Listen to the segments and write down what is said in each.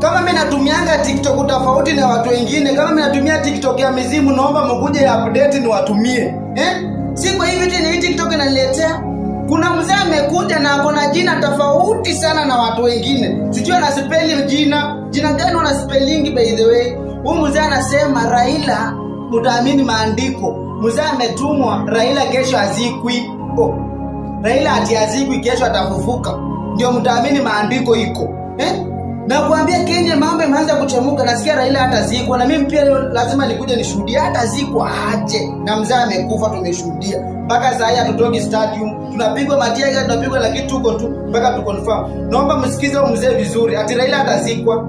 Kama mimi natumianga TikTok tofauti na watu wengine, kama mimi natumia TikTok ya mizimu, naomba mkuje ya update ni watumie eh? Si kwa hivi tena hii TikTok inaniletea kuna mzee amekuja na ako na jina tofauti sana na watu wengine, sijui anaspeli jina jina gani wanaspelingi. By the way, huyu mzee anasema Raila, utaamini maandiko. Mzee ametumwa Raila kesho azikwi. Oh, Raila ati azikwi kesho, atafufuka ndio mtaamini maandiko iko eh? Nakwambia Kenya mambo imeanza kuchemuka. Nasikia Raila zikwa na mimi pia leo lazima nikuje nishuhudia. atazikwa aje, na mzee amekufa, tumeshuhudia mpaka saa hii hatutoki stadium, tunapigwa matiaga, tunapigwa lakini tuko tu mpaka tukonfirm. Naomba msikize huyu mzee vizuri, ati Raila hatazikwa.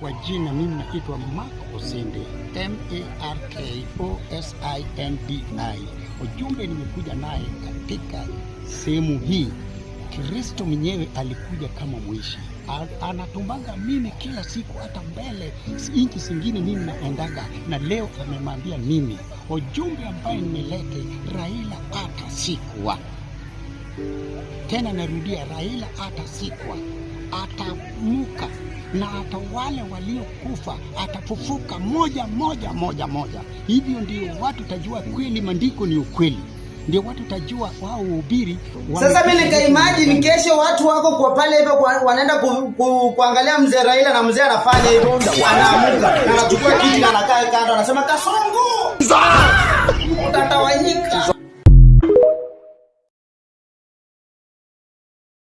Kwa jina mimi naitwa Mark Osindi, M A R K O S I N D I. Ujumbe nimekuja naye katika sehemu hii Kristo mwenyewe alikuja kama mwishi, anatumbaga mimi kila siku, hata mbele nchi zingine mimi naendaga, na leo amemwambia mimi ujumbe ambaye nimelete Raila hata sikwa tena, narudia Raila hata sikwa, atamuka na hata wale waliokufa atafufuka moja moja moja moja. Hivyo ndio watu tajua kweli, maandiko ni ukweli ndio watu tajua wao uhubiri. Sasa mimi nikaimagine kesho watu wako kwa pale hivyo wanaenda ku, ku, kuangalia mzee Raila na mzee anafanya hivyo, anaamuka anachukua kiti na anakaa kando, anasema Kasongo